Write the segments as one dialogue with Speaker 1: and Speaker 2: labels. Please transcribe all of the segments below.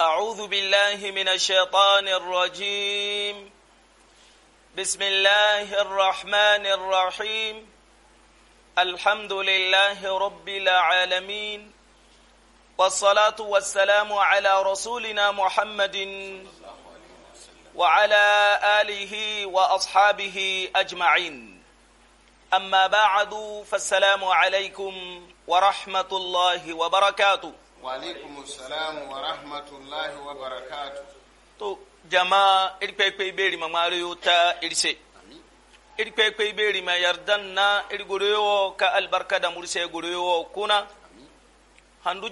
Speaker 1: أعوذ بالله من الشيطان الرجيم بسم الله الرحمن الرحيم الحمد لله رب العالمين والصلاة والسلام على رسولنا محمد وعلى آله وأصحابه أجمعين أما بعد فالسلام
Speaker 2: عليكم ورحمة الله وبركاته wàlíkùmù sàlámù wa wa barakatu.
Speaker 1: ibeeri ma yoo ibeeri ma yardan na erigoroyewo ka albarka damurise goroyewo kuna handu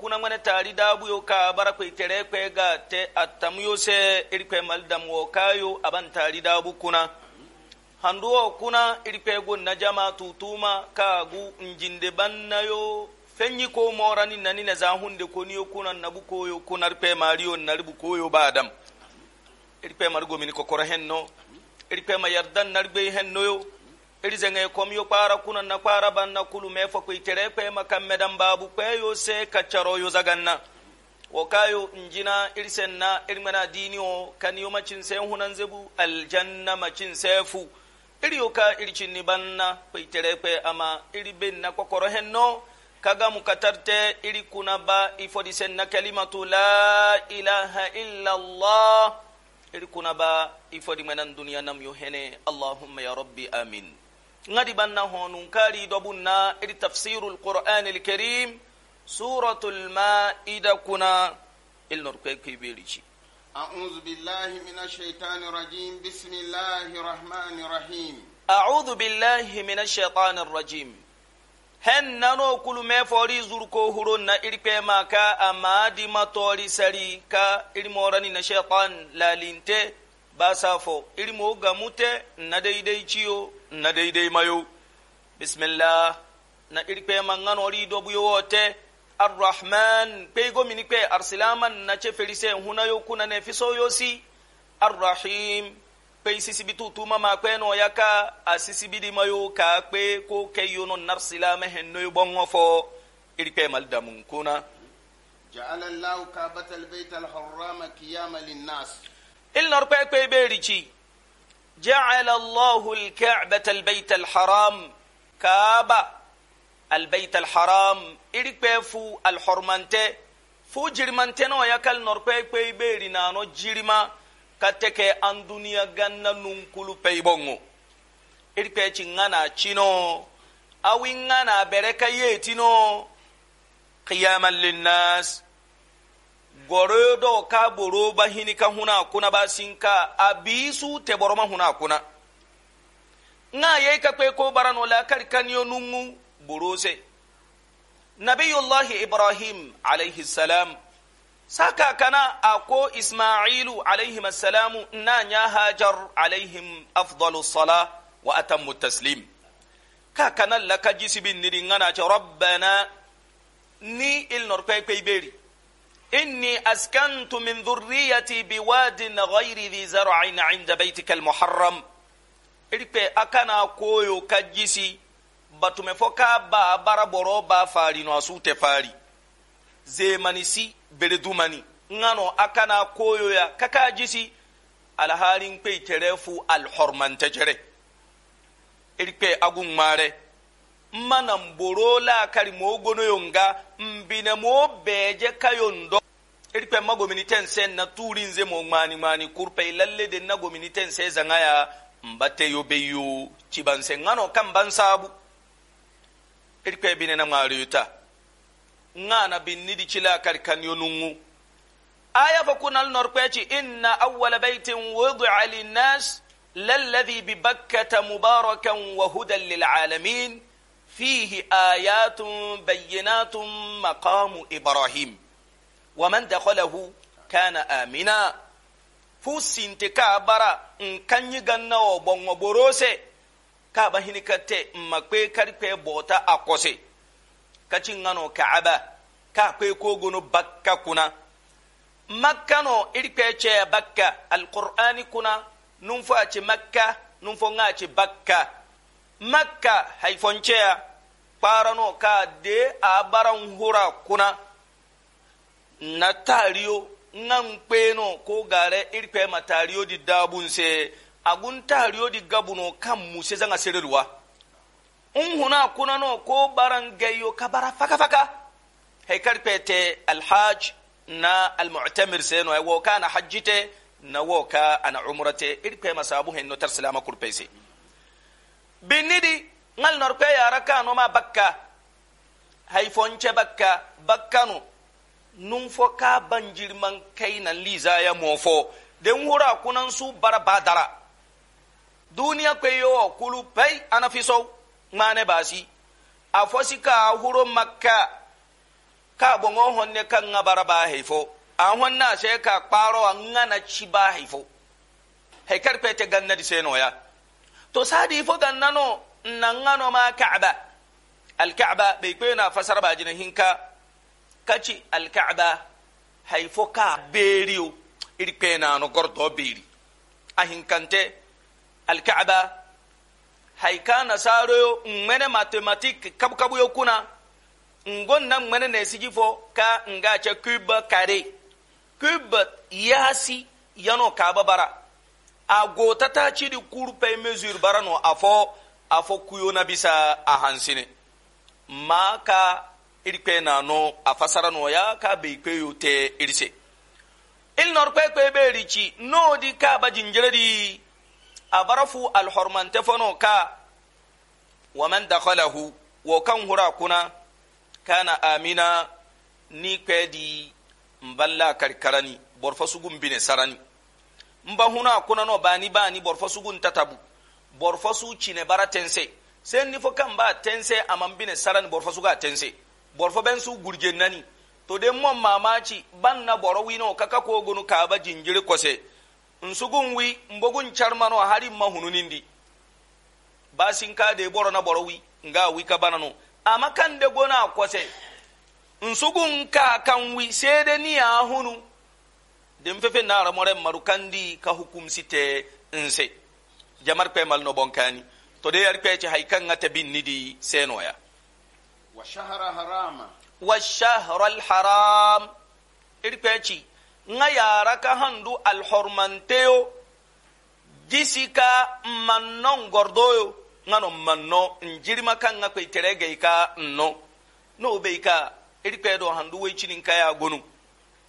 Speaker 1: kuna taari ka tere ga te attamuyo se erikpe mali damuwo kayo aban taari daabu kuna kuna gonna tutuma kaagu njinde fenyi ko morani nani na zahunde koni niyo kunan nabu koyo kunar pe mariyo narbu koyo badam iri pe margo mini ko kora henno iri pe ma yardan narbe henno yo iri zenge kom yo para kunan na para banna kulu me fo ko itere pe makam medam babu pe yo se kacaro yo zaganna wo kayo injina iri senna iri mana dini o kaniyo macin sen hunan zebu aljanna macin sefu iri yo ka iri cinni banna ko itere pe ama iri ben na kokoro henno kagamu katarte ili ba ifodisen na kalimatu la ilaha illa allah ili ba ifodi menan duniya nam yohene allahumma ya rabbi amin ngadi banna honu kari dobunna ili tafsiru alquran alkarim suratul maida kuna ilnor kwekwi berici
Speaker 2: أعوذ بالله من الشيطان الرجيم بسم الله الرحمن الرحيم
Speaker 1: أعوذ بالله من الشيطان الرجيم hen nano kulume fori zurko huro na irpe maka amma di matori sari ka irmorani na shaitan lalinte ba safo irmo na daidai ciyo na daidai mayo bismillah na irpe manganori dobuyo wote arrahman kpe gomini kpe arsilaman na ce ferise hunayo kuna ne yosi arrahim pe sisibi tutuma ma kpe no ya ka a sisibidi mayo ka kpe ko ke yono narsila mehen noyo bongo fo iri kpe mal damun kuna
Speaker 2: ja'ala allahu kabata albayta alharrama
Speaker 1: il ja'ala albayta alharam kaaba albayta alharam iri kpe fu alhormante fu jirimante no ya kal nor kpe kpe jirima kateke an duniya ganna nunkulu peibongo iri peci ngana cino awi ngana bereka yetino qiyaman linnas goro do ka boro bahini ka huna kuna basinka abisu ma huna kuna nga ye ka kwe ko barano la kari yo nungu borose nabiyullahi ibrahim alayhi salam saka kana ako ismailu alayhim assalamu na nya hajar alayhim afdalu sala wa atammu taslim ka kana laka jisibin niri ngana ce rabbana ni il norpe pe beri inni askantu min dhurriyati biwadin ghairi dhi zar'in 'inda baytika almuharram ilpe akana koyo kajisi batume foka ba bara ba fari no asute fari zemanisi beredumani ngano akana koyoya kaka jisi alhalin kpe terefu alhormanta jere irkpe agun mare mana mboro la kari mo gono yonga mbine mo beje kayondo irkpe magomini tense na turi nze mo ngmani ngmani kurpe lalle de na gomini tense zangaya mbate yo beyo cibanse ngano kan ban sabu irkpe bine na ngari yuta ngana binnidi cila kar kanyonungu aya fakunal norkweci inna awwala baitin wudi'a nas lalladhi bibakkata mubarakan wa hudan lilalamin فيه آيات بينات مقام إبراهيم ومن دخله كان آمنا فوسنت كابرا إن كان يغنى وبنغبروسي كابا هنكتة مكوي كاركوي bota akose kacin gano ka'aba ka kai kogono bakka kuna makka no irpe ce bakka alqur'ani kuna nun fo a ce makka nun fo nga ce bakka makka haifonceya parano ka de a hura kuna na tariyo nan no ko gare irpe ma di dabun se agun tariyo di gabuno kan muse zanga sereruwa un huna kuna no ko barangeyo ka bara faka faka hay karpete alhaj na almu'tamir sai no wo kana hajjite na wo ka ana umrate irpe masabu hen no tarsalama kurpese binidi ngal ya yara no ma bakka hay fonche bakka bakkanu nun fo ka banjirman kai nan liza ya mofo den wura kunan su bara badara duniya kwayo kulu pai ana fi mane basi a fosi ka huro makka ka bongo honne kan ngabara ba hefo a honna se ka kparo a ngana ci ba hefo he karpete ganna di seno ya to sadi fo no na no ma ka'ba al ka'ba be ko na fasara ba jina hinka kaci al ka'ba haifo ka beriyo iri pe na no gordo beri a al ka'ba haika nasaro ngmene matematik kabu kabu yo kuna ngon na ngmene ne ka nga che cube kare cube yasi yano ka babara agota ta ci di kurpe mesure barano afo afo kuyo na bisa a hansine ma ka irikpe na no afasara no ya ka be ikpe yo te irise il norpe kwe kwe be richi no di ka ba jinjere di abarafu alhormante fano ka man dakhalahu wa kan hura kuna kana amina ni kwedi mballa karkarani borfa sugun bine sarani mba huna kuna no bani bani borfa sugun tatabu borfa su cine bara tense sen ni fo kan ba tense amam bine sarani borfa ga tense borfa ben su gurgen nani to de mon mamaci ban na boro wino kaka ko gunu ka ba jinjiri kose nsugun wi mbogun charmano hari mahununindi basin ka de boro na boro wi nga wi ka banano amma kan de gona kwase nsugun ka kan wi sede ni a hunu dem fefe na ramore marukandi ka hukum site nse jamar pe mal no bonkani to de yar pe ci haikan ngata bin nidi senoya wa shahra harama wa shahra al haram ci. ŋa yaaraka handu alhormanteyo disika manno n gordoyo ŋa no manno n jirima kaŋ ŋa kpe teregeika n no noo beika irikpeedo handu weicininkaya gonu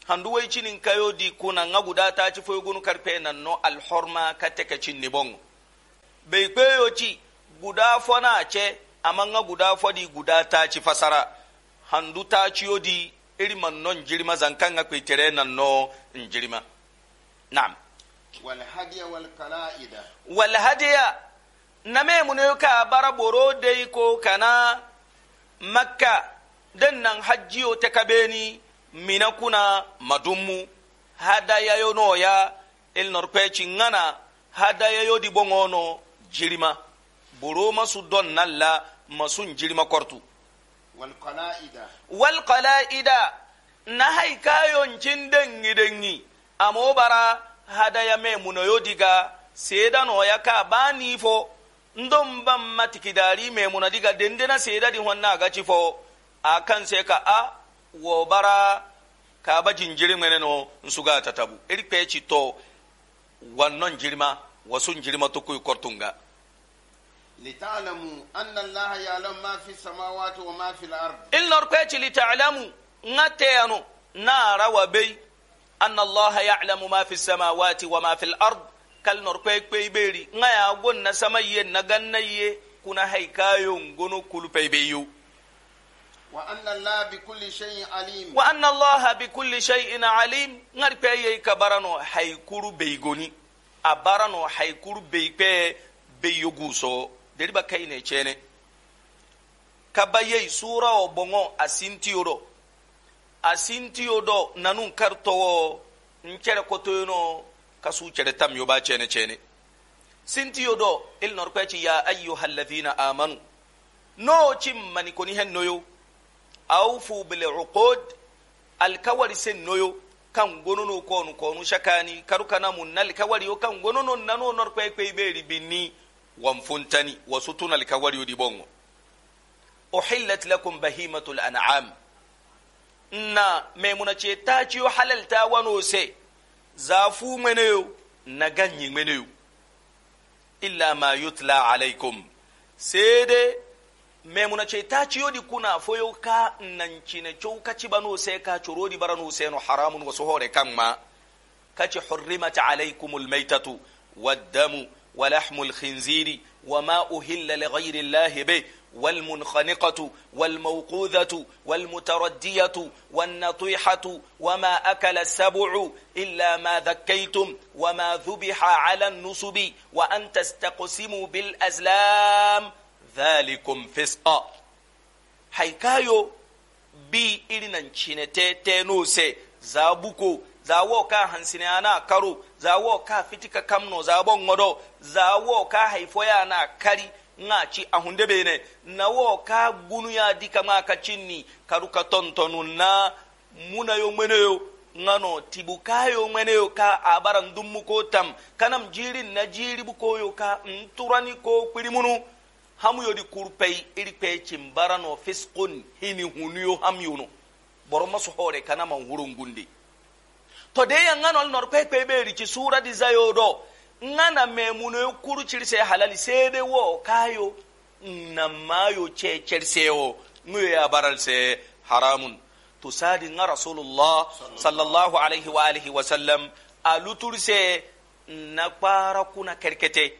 Speaker 1: handu weicininkayo di kuna ŋa guda tacifoyo gonu karpe nan no alhorma ka tekecinni boŋo beikpeyo ci guda fo na ce ama ŋa guda fo di guda taci fasara handu taciyo di iri man no njirima zankaŋa kwe tere na no njirima naam
Speaker 2: walhadiya walkalaida
Speaker 1: walhadiya name mune ka bara boro dai ko kana makka den nan o te kabeni mina kuna madummu hadayayo noya il norpeci ŋana hadayayo di boŋono jirima boro masu don nan la masu njirima kortu wal qala'ida na hay kayon cin dangi dangi bara hadaya me munoyo diga seda no ya ka bani fo ndon ban matikidari me muna diga dindina seda di honna ga ci fo akan se ka a wo bara ka ba jinjiri mene no ga tatabu iri pe ci to wannan jirma wasu jirma to kortunga
Speaker 2: لتعلموا أن الله يعلم ما في السماوات وما في الأرض
Speaker 1: إلا ركوتي لتعلموا نتيانو نارا وبي أن الله يعلم ما في السماوات وما في الأرض kal norkwek pey beri nga ya gon na sama ye na ganna ye kuna haikayo ngono kulu pey beyu
Speaker 2: wa anna allah bi kulli shay'in alim wa
Speaker 1: anna allah bi kulli shay'in alim ngar pey ye kabarano haikuru beygoni abarano haikuru bey pey beyoguso deriba kai ne cene kabaye sura o bongo asintiyoro asintiyo do nanun kartowo ncere kotoyino kasu cere tam yoba cene cene sintiyo do il norkweci ya ayyuhalladhina amanu no cimmani koni hen noyo awfu bil uqud alkawari sen noyo kan gonono konu konu shakani karukana mun kawari yo kan gonono nano norkweci be ribinni wamfuntani wasutuna likawariudi bongo uhillat lakum bahimatul an'am na memuna ce ta ciyo halalta wano se zafu meneyo na ganye meneyo illa ma yutla alaikum sai dai memuna ce ta ciyo di kuna foyo ka nan cine cow ka ci bano sai ka curo di barano sai no haramun wasu hore kan ma ka ci hurrimat alaikumul maitatu waddamu ولحم الخنزير وما أهل لغير الله به والمنخنقة والموقوذة والمتردية والنطيحة وما أكل السبع إلا ما ذكيتم وما ذبح على النصب وأن تستقسموا بالأزلام ذلكم فسقا haikayo بي إلنا نشينتي تنوسي زابوكو zawo ka ana karo zawo ka fitika kamno zabon ngodo zawo ka ya na kari nga ci a hunde bene nawo ka ya dika ma ka cinni karu ka tontonu na muna yo meneyo ngano tibu kayo meneyo ka abaran dummu ko tam kanam jiri na jiri bu yo ka nturani ko munu hamu di kurpei iri pe cimbarano fiskun hini yo hamyuno boro masu hore kanaman wurin gunde. to de yan ngano alnor pe pe be riki sura di zayodo do me muno kuru chirse halali sede wo kayo na mayo che chirse wo nguye ya baral se haramun to sadi nga rasulullah sallallahu alaihi wa alihi wa sallam alutur se na para kuna kerkete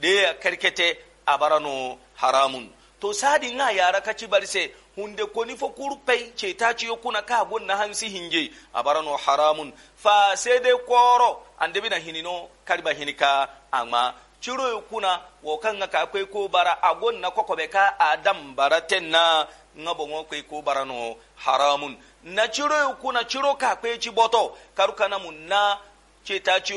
Speaker 1: de ya kerkete abarano haramun to sadi nga yara kaci barse hunde koni fo kurpey yo kuna ka na hansi hinge abarano haramun fa sede koro na hinino kariba hinika amma ama yo kuna wo kanga ka kwe ko bara agonna be ka adam bara tenna nga ngo kwe ko barano haramun na ciro kuna ciro ka kwe ci boto karukana na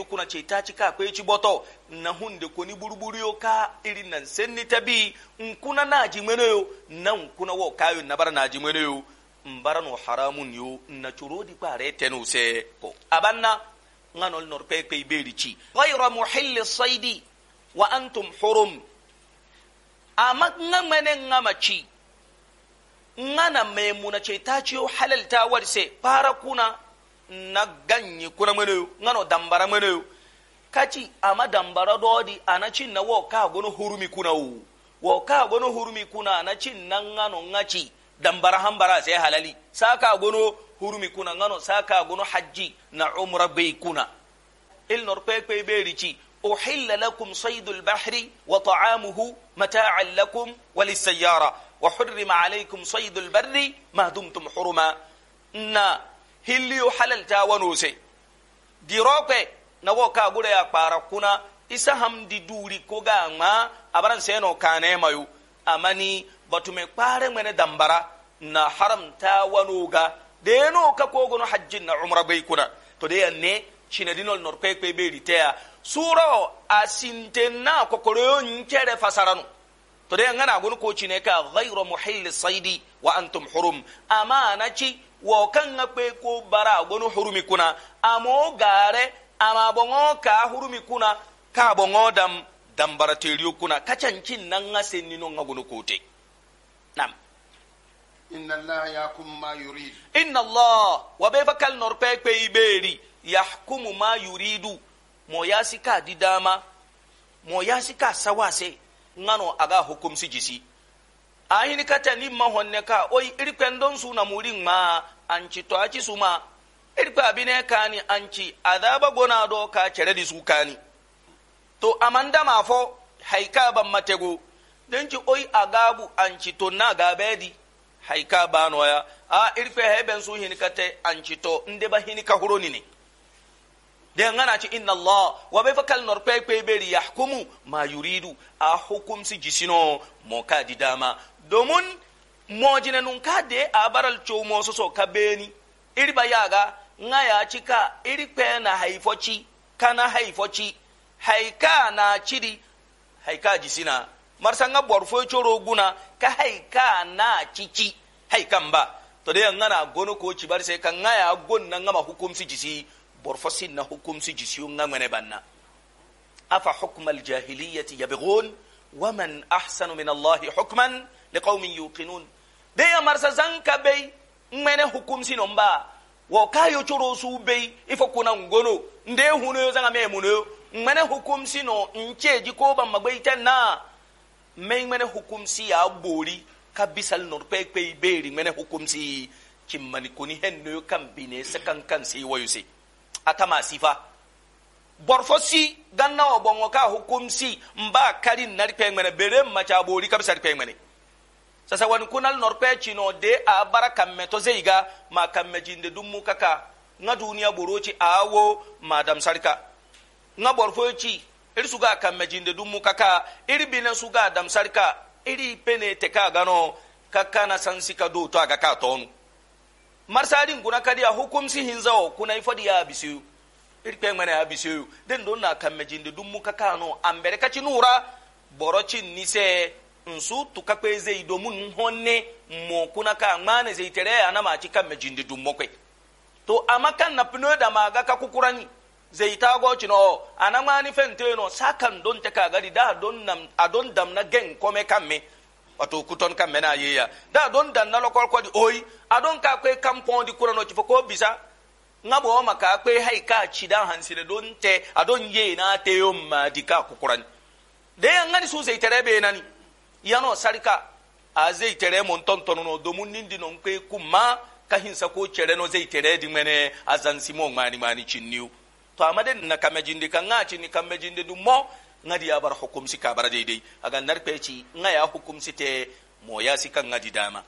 Speaker 1: kuna ce ta ka kai ci boto na hunde koni buruburu yo ka iri nan senni tabi nkuna na mene yo na nkuna wo kayo na bara na mene yo mbara no haramun yo na churo di pare tenu se ko abanna nganol nor pe pe beri ci ghayra muhilli saidi wa antum hurum amma nga ngama chi ngana memuna ce ta cheta halal ta warse para kuna na ganyi kuna mwene yo ngano dambara mwene yo kaci ama dambara dodi anacin na wo gono hurumi kuna u wo gono hurumi kuna anacin na ngano ngachi dambara hambara se halali saka gono hurumi kuna ngano saka gono haji na umra bai kuna il nor pepe berici uhilla lakum saydul bahri wa ta'amuhu mata'an lakum wa lisayyara وحرم عليكم صيد البر ما دمتم حرما na halal halalta wano se dirokwe na go ka gure ya kpara kuna isa hamdi duri ko ga ma abaran sai no kane mayu amani me kpare mene dambara na haramta wano ga de no ka ko gono hajjin na umra bai kuna to de ne cinadinol norkwe kwe be ritea suro asinten na kokoro nkere fasaranu to de ngana gono ko cine ka ghayru muhilli saidi wa antum hurum amana ci wo kanga kwe ko bara gono hurumi kuna amo gare ama bongo ka hurumi kuna ka bongo dam dambara teriyo kuna kacancin nan nga senni non nga gono kote nam
Speaker 2: inna allah yakum ma yurid inna allah wa be fakal nor pe pe
Speaker 1: iberi yahkum ma yuridu mo yasika didama mo yasika sawase ngano aga hukum sijisi ahini kata ni ma honne ka oi irikwen don suna murin ma anci to aci suma irikpe abine kani anci azaba gona do ka cere di su kani to amanda ma fo haika ban matego don ci oi agabu anci to na gabedi haika ya a irfe heben su hini kate anci to inde ba hini ka huroni ne de ngana ci inna allah wa bai fakal nor pe pe be ri yahkumu ma yuridu a hukum si jisino mo ka di dama domun mo jina nun ka de a baral cho mo so ka beni iri ba ga nga ya ci ka iri pe na haifoci kana haifoci haika na cidi haika jisina marsanga borfo choro guna ka haika na cici haikan ba to de ngana gono ko ci bar sai ka nga ya gonna ma hukum si jisi bor sin na hukum si jisiyo nga banna afa hukmal aljahiliyati yabghun wa man ahsanu min allahi hukman liqaumin yuqinun de ya marsa zanka bei ŋene hukum sino mba wo kayo coro su bei ifo kuna ngono nde hunoyo zaŋa me munoyo ŋmene hukum sino nceji ko bamma gbei na mei ŋmene hukum si ya bori ka bisal nor kpekpei beri ŋmene hukum si cimmani kuni hennoyo kam bine se kan si wayo si ata masifa borfo si ganna o bongo ka hukum si mba kari nari pengmene bere macha bori kabisa pengmene sasa wan kunal norpe no de a baraka meto zeiga ma kamme jinde dummu kaka na duniya boroci awo madam sarka na borfo ci iri suga kamme jinde dummu kaka iri bine suga adam sarka iri pene te ka gano kaka na sansika do to aga ka tonu marsarin guna kadiya hukumsi hinzawo kuna ifadi ya bisiyu irkpe ngmene ya bisiyu den don na kamme jinde dum muka kano ambere kaci nura nise nsu tuka kwe zai domin honne mo kuna ka ngmane zai tere ana ma ci kamme jinde dum mokwe to amakan na pino da maga ka kukurani zai ta no ana ngmani fente no sakan don ta gadi da don nam adon dam na gen kome kamme wato kuton kan mena yeya da don dan na lokol ko di oyi adon ka kwe kampon di kurano ci ko bisa ngabo ma ka kwe hay ka ci dan hansire don te adon ye na te ma di ka kukuran de ngani su sai tere be nani yano sarika a zai tere mon ton ton no domun nindi non kwe kuma ka hinsa ko cere no zai tere di mene azan simo mani mani cinniu to amade na kamejindi kan ngaci ni kamejindi du mo ngadi ya bar hukum si ka bar daidai aga nar peci ngaya hukum si te moya si kan ngadi dama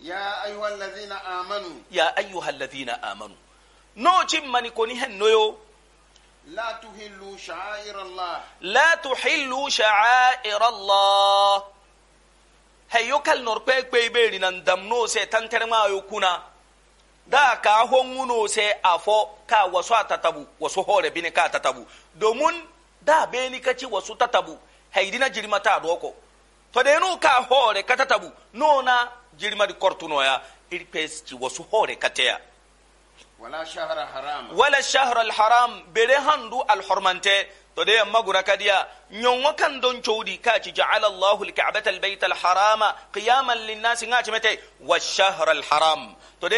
Speaker 2: ya ayyuhal ladhina amanu ya ayyuhal ladhina amanu
Speaker 1: no cin mani koni hen noyo
Speaker 2: la tuhillu sha'air allah
Speaker 1: la tuhillu sha'air allah hayo kal nor pe pe be nan dam se tantere ma yo kuna da ka hon uno se afo ka waso atatabu waso hore bine ka atatabu domun da beni kaci wasu tatabu haidina jirma ta doko to da no ka hore katatabu no na jirma di ya irpes ci wasu hore ka kateya
Speaker 2: wala shahra haram
Speaker 1: wala shahra al haram bere handu al hurmante to de magura kadiya nyongo kan don chodi ka ci ja'ala Allahu al-ka'bata al al-harama qiyaman lin-nas ci mate wa shahra al-haram to de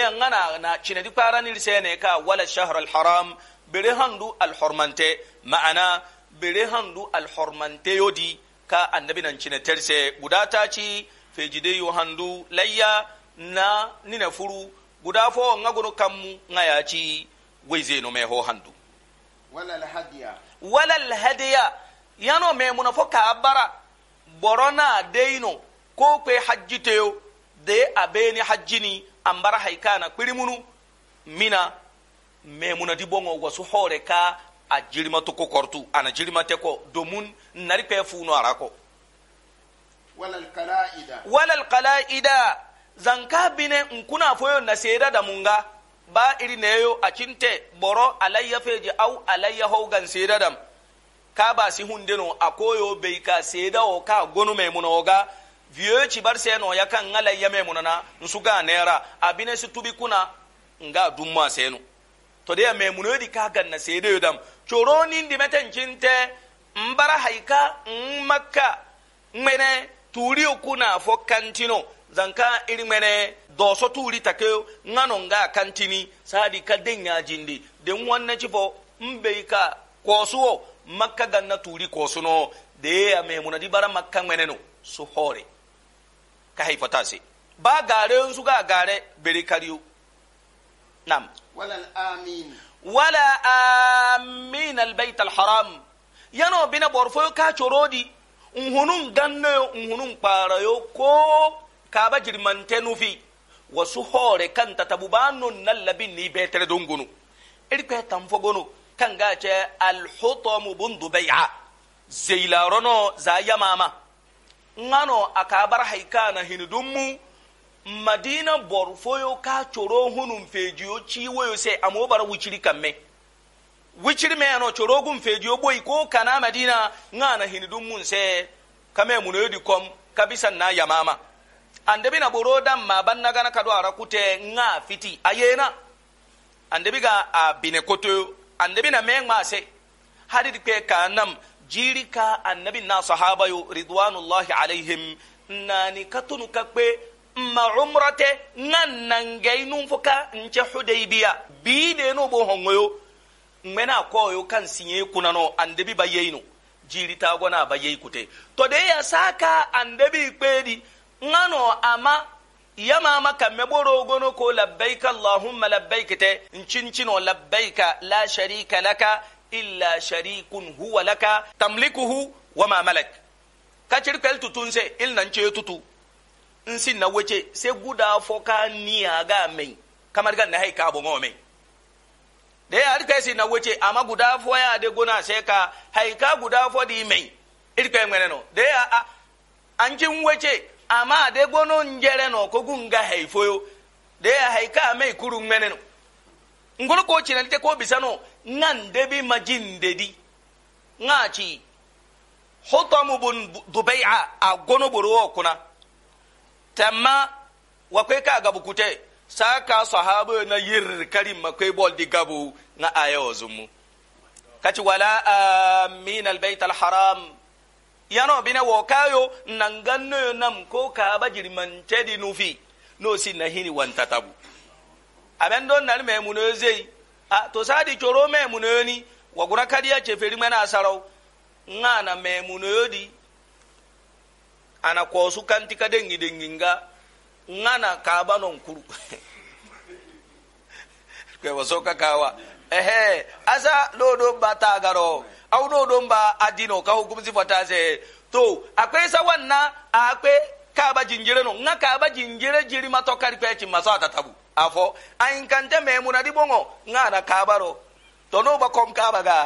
Speaker 1: na cine di parani risene ka wala shahra al-haram bere handu al-hurmante ma'ana bere handu alhormanteyo yodi ka annabi nan cine terse guda ta ci fejideyo handu layya na nina furu guda fo nga gono kammu nga ya ci
Speaker 2: wezeno me ho handu wala alhadiya wala alhadiya
Speaker 1: yano me muna fo ka bara borona deino ko kwe hajjiteyo de abeni hajjini ambara haikana kwirimunu mina memuna dibongo wasu hore ka a jirima to ko a na jirima tɛ ko domin nari pe funo ara ko
Speaker 2: walal
Speaker 1: qala'ida zanka bine nkuna foyo na seda da munga ba iri yo a cinte boro alayya feji au alayya hogan seda dam ka ba si hundeno a koyo bai ka seda o ka gonu mai muna oga viyo ci bar seno ya kan alayya mai muna na nsuga nera abine su tubi kuna nga dumma no. to de me muno di ka ganna sede yodam choro ni di meten cinte mbara haika makka mene turi kuna fo kantino zanka iri mene doso turi take ngano nga kantini sadi ka ya jindi den wannan cifo mbe ka kosuwo makka ganna turi kosuno de me muno di bara makka mene no su hore ka haifata se ba gare su ga gare bere kariyo nam wala amin wala amin albayt alharam yano bina borfo ka chorodi nhunun ganno nhunun parayo ko kaba jirmante nufi wasu hore kan tatabubanu nallabin ni betere dungunu irpe tamfogono kan ga ce alhutamu bundu bai'a zailarono za yamama ngano akabar haika na hindunmu madina bor foyo ka coro hunum fejiyo ciwoyo se amo bara wuciri kamme wiciri me ano coro gum fejiyo boyi ko kana madina ngana hinidum mun sai kame munoyodi kom kabisan na yamama andebi na boro ma ban na gana kado ara kute nga fiti ayena andebi ga a bine koto andebi na men ma hadid pe kanam jiri ka annabi na sahaba yo ridwanullahi alaihim nani katunu kakpe ma umrate nan nan gai nun fuka in ce hudaybiya bi de no bo hongoyo mena koyo kan sinye kuna no andabi bayeno jiri ta gona baye kute to de ya saka andabi kwedi ngano ama ma maka meboro gono ko labbaika allahumma labbaika te ncincino labbaika la sharika laka illa sharikun huwa laka tamlikuhu ma malak kacir pel tutunse il nan ce tutu nsin na wece se guda fo ka niya ga mai kamar gan na hai ka bongo mai da ya rike sin na wece amma guda fo ya de gona se ka hai ka guda fo di mai irke ngene no da ya a an kin wece amma de gono njere no ko gunga hai fo yo da ya hai ka mai kuru ngene no ngoro ko cinan te ko bi bisano nan de bi majinde di ngaci hotamu bun dubai'a a gono boro kuna tamma wa kai ka gabu kute saka sahaba na yir karim ma kai bol di gabu na ayo zumu kaci wala amin ah, albayt haram. yano bina wo kayo ganno nam ko ka ba jirman tedi nufi no si na hini wan tatabu aben don nal me zai a ah, to sadi choro me wa gura kadiya cheferi mena asarau ngana me di. ana koosu kantika ka dengi dengi nga ngana kaaba non kuru kwewa soka kawa ehe asa ɗo ɗon ba tagaro aw ɗo ɗon ba adino ka hukumsi fotase to akwe sa wanna akwe kaba jinjire no nga kaaba jinjire jirima tokkari kwe cimma so atatabu afo ayinkante memunadi ɓoŋo ngana kaabaro to no ba kom kaaba ga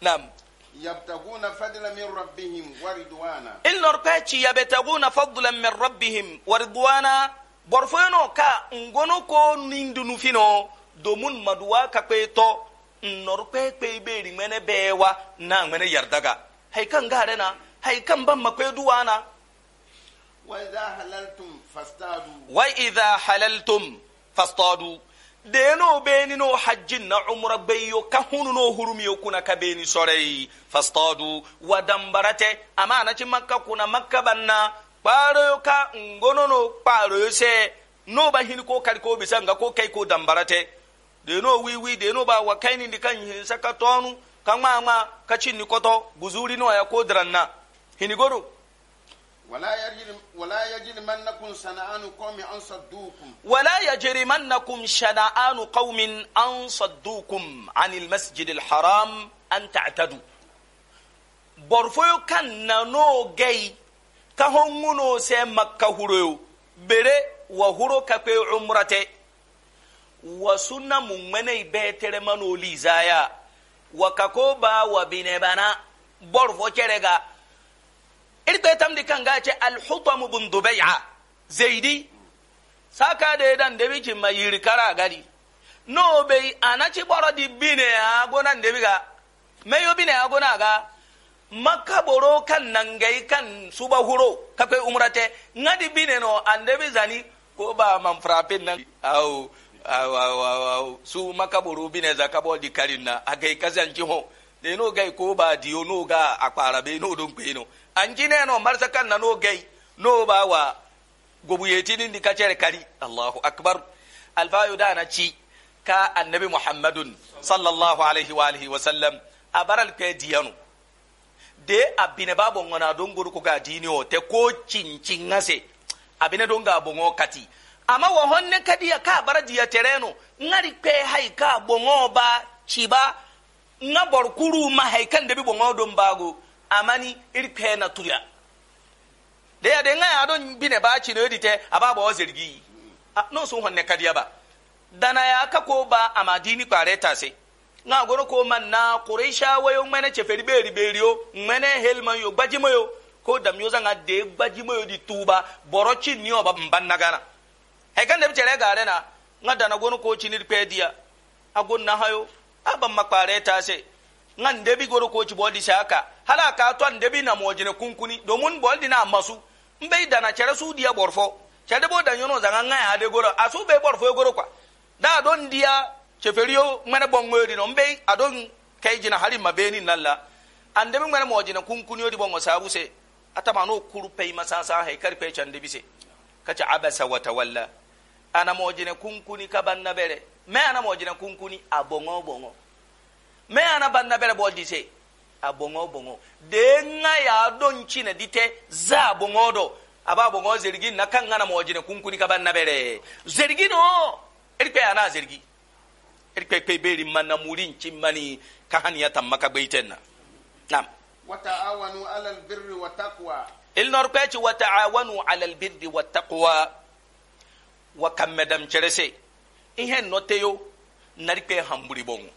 Speaker 1: nam
Speaker 2: yabtaguna fadlan min rabbihim wa ridwana
Speaker 1: il norkaci yabtaguna fadlan min rabbihim wa ridwana borfoyeno ka ngono ko nindunu fino domun maduwa ka kpeto norkwe kpe beri mene bewa na mene yardaga haikan gare na haikan ban makwe duwana
Speaker 2: wa idha halaltum fastadu
Speaker 1: wa idha halaltum fastadu deno beni no hajjin na umra bayo ka hunu no hurumiyo kuna ka beni sorai fastadu wa dambarate amma na ci makka kuna makka banna kparo ka ngono no kparo se no ba hin ko kari ko bisa nga ko kai ko dambarate deno wiwi deno ba wa kaini ni kan hin saka tonu kan ma ka ci ni koto buzuri no ya ko dranna hinigoro
Speaker 2: wala yajrimannakum shana'anu qaumin an saddukum
Speaker 1: wala yajrimannakum shana'anu qaumin an saddukum anil masjidil haram an ta'tadu borfoyo kan na no gay ka honguno se makka huroyo bere wa huro ka kwe umrate wa sunna mun mene betere mano lizaya wa kako ba wa bine bana borfo kerega irte tamdi kan gace ce alhutam bun dubai'a zaidi saka da dan da biki mai rikara gari no bai anaci boro di bine ya gona da biga y'o bine ya gona ga boro kan nan gai kan suba huro kakai umrate ngadi bine no bi zani ko ba man frapin nan au au au au su makaboro bine za kabo di karin na agai kazanci ho de no gai ko ba di no ga akwara be no don pe no An anjine no marsa kan na no gai no ba wa gobuyetinin di da kari allahu akbar alfayu da na ci ka annabi muhammadun sallallahu alaihi wa alihi wa sallam a baral kai diyanu de abine ba bon ngona don guru ko ga dini o te ko cincin ngase abine don ga bon kati amma wa honne kadi ya ka baraji ya tereno ngari pe hai ka bon ba ciba ngabor kuru ma haikan da bi bon don bago amani irpe na tuya da ya dinga ya don bi bine ba ci ne dite a ba zirgi no sun honne kadiya ba dana ya ka ko ba amadini kware ta se na goro ko man na quraisha wayo mene che feri beri o mene helma yo gbajimo yo ko dam yo zanga de yo di tuba borochi ni mban na gana he kan de ga gare na dana goro ko chinir pediya agon na hayo aban makware ta se nga ndebi goro ko ci boldi shaka hala ka to ndebi na mojine kunkuni domun boldi na masu mbe na chere su dia borfo chede bo dan yono zanga nga ya de goro asu be borfo goro kwa da don dia cheferio bon bongori no mbe adon kai jina hali mabeni nalla andebi mwana mojine kunkuni odi bon sabu se atama no kuru pei masasa he kar pe chande bise kacha abasa wa tawalla ana mojine kunkuni kabanna bere me ana mojine kunkuni abongo bongo, bongo me ana banna bere bol dise a bongo bongo de nga ya don chine dite za bongo do aba bongo zergi na kan ngana mo jine kunkuni ka banna bere zergi no irpe ana zergi irpe pe beri manna murin chimani kahani ya ka beitenna nam
Speaker 2: وتعاونوا على البر والتقوى
Speaker 1: ilnor ci wa ta'awanu alal birri wa taqwa wa madam cherese ihe noteyo narikpe hamburi bongo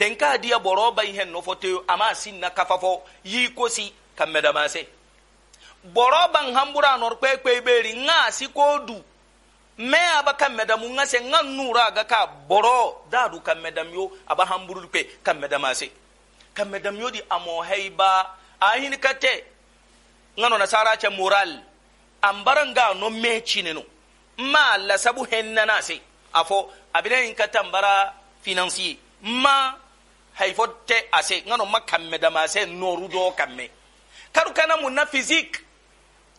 Speaker 1: den ka dia boro ba ihe no foto ama sin na kafafo yi kosi kameda mase boro ban hambura nor kwe kwe beri nga si ko kodu me aba kameda mu nga se nga nura ga ka boro dadu kameda myo aba hamburu kwe kameda ka kameda myo di amo heiba ahin kate ngano nasara cɛ moral ambaranga no mechi neno ma la sabu henna na se afo abinayin katambara financier ma haifote fo te ase ngano makamme ma se noru do kamme karu kana mun na physique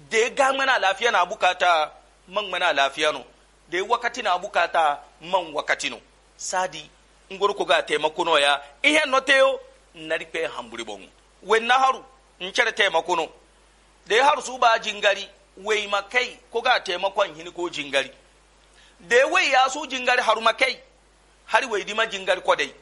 Speaker 1: de ga mana lafiya na bukata man mana lafiya no de wakati na bukata man wakati no sadi ngoro ko ga te makuno ya ihe no teo nari pe hamburi bon we na haru nchere taimako makuno de haru su ba jingari wei makai ko ga taimakon hini ko jingari de we ya su jingari haru makai har waidi ma jingari ko dai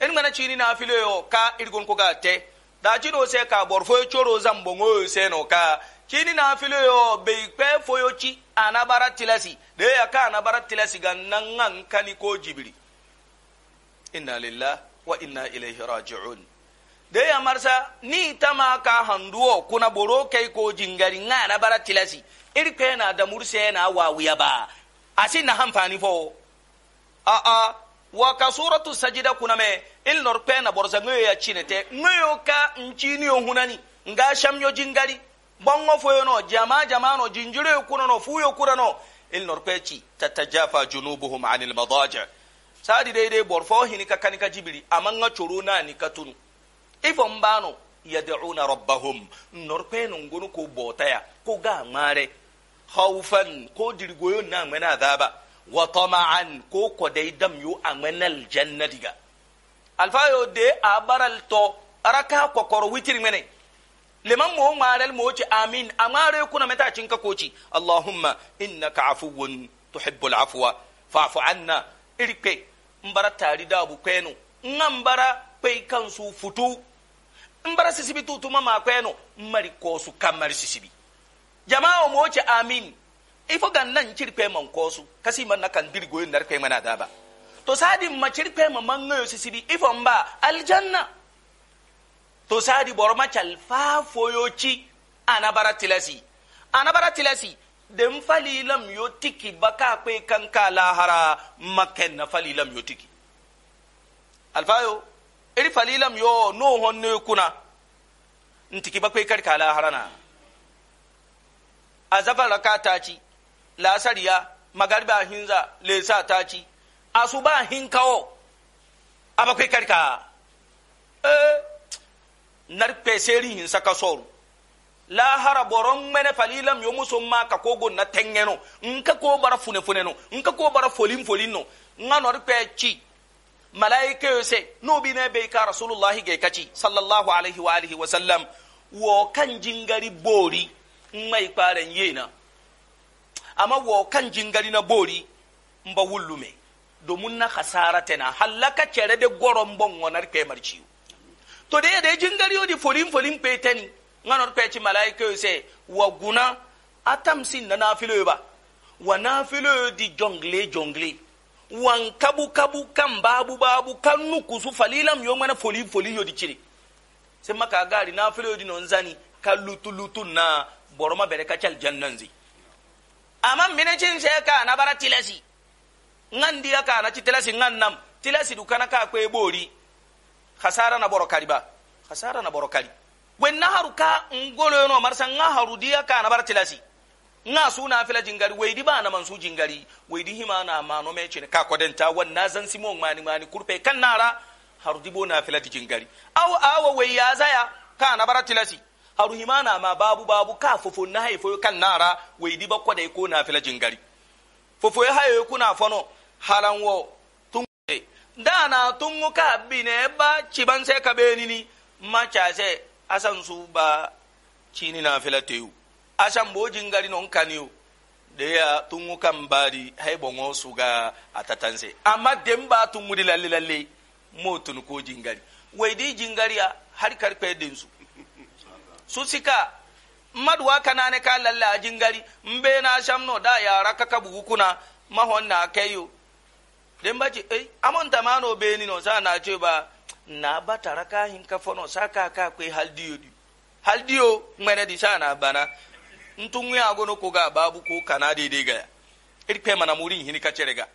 Speaker 1: in mana chini na afilo yo ka irgon ko gate te da chino se ka bor fo choro ngo se no ka chini na afilo yo be pe fo yo chi anabara tilasi de ya ka anabara tilasi ga nan kani ko jibiri inna lillahi wa inna ilaihi raji'un de ya marsa ni tama ka handuo kuna boro kai ko jingari nga anabara tilasi irke na da mursena na wiya ba asin na hanfani fo a a wa ka suratu sajida kuname il nor na borza ngoyo ya chinete ngoyo ka nchini yo hunani nga shamyo jingari bongo foyo no jama jama no jinjure yo kuno fuyo kuno no il nor chi tatajafa junubuhum anil madaja sadi daidai borfo hini ka kanika jibiri amanga choro na ni katunu ifo mbano yad'una rabbahum nor no ngono ko botaya ko ga mare khawfan ko dirgoyo na ngana adhaba wa tama'an ko ko dai dam yu amanal jannatiga alfayo de a baral to araka kokoro witir mene liman mo maral mo ci amin amare kuna meta cin ka koci allahumma innaka afuwun tuhibbul afwa fa'fu anna irke mbara tari da bu kwenu ngambara kai kansu futu mbara sisibi tutuma ma kwenu mari ko su kamar sisibi jama'a mo ci amin ifo gan nan kirpe kwe man kosu kasi man na kan diri goyi nar kwe man daba to sadi ma kirpe kwe man man ngoyo sisidi ifo mba aljanna to sadi boroma chalfa foyochi anabara tilasi anabara tilasi den falilam yo tiki baka kan kala lahara maken na falilam yo tiki alfayo iri lam yo no honne kuna ntiki bakwe kar kala harana azabar rakata ci lasariya magarba hinza lesa taci b'a hin kawo aba kwe karka eh nar peseri hin saka soru la hara boron mene falilam yo musom ma ka kogo na tengeno ka ko bara fune fune no ka ko bara folin folin no nga nor pe chi malaika yo se no bi ne be ka rasulullah ge kachi sallallahu alaihi wa alihi wa sallam wo kan jingari bori mai kwaren yena amma wa kan jingari na bori mba wulume domin na hasara tana hallaka cere de goron bon wonar kai marci to da yadda jingari yodi folin folin petani nganar peti malaika yose wa guna sin na nafilo ba wa nafilo di jongle jongle wan kabu kabu kan babu babu kan nuku su falilam yo mana foli foli yo di cire sai maka gari nafilo di nonzani zani kan lutu lutu na boroma bere kacal jannanzi amma mine cin se ka na bara tilasi ngan dia ka na ci tilasi ngan nam tilasi du kana ka kwe bori khasara na boro kaliba khasara na boro kali wen na haru ka ngolo no marsa nga haru dia ka na bara tilasi nga su na fila jingari waidi ba na mansu jingari waidi hima na ma no me cin ka wan na zan simo mani mani kurpe kan nara haru dibo na fila jingari aw awa wai ya zaya ka na bara tilasi himana ma babu babu ka fofo na haifo kan nara wai di bakwa da ko na fila jingari fofo ya hayo kuna fono halanwo tunge da na tungu ka bine ba ciban sai ka beni ni macha sai asan su ba cini na fila asan bo jingari non kaniyo da ya tungu kan bari haibon wasu ga atatanse amma dem ba tungu di lalle lalle motun ko jingari wai di jingari har karfe dinsu susika mmadụ aka na anị ka lalla aji ngari mbe na asham no da yara kaka bugu kuna mahon na yo den baci eh amon ta ma no beni no sa na ce ba na batara ka hin ka fono sa ka ka kwe diyo di diyo ngmene di sa na bana ntunwe agono ko ga babu ko kana de de ga irpe mana muri hin ka cerega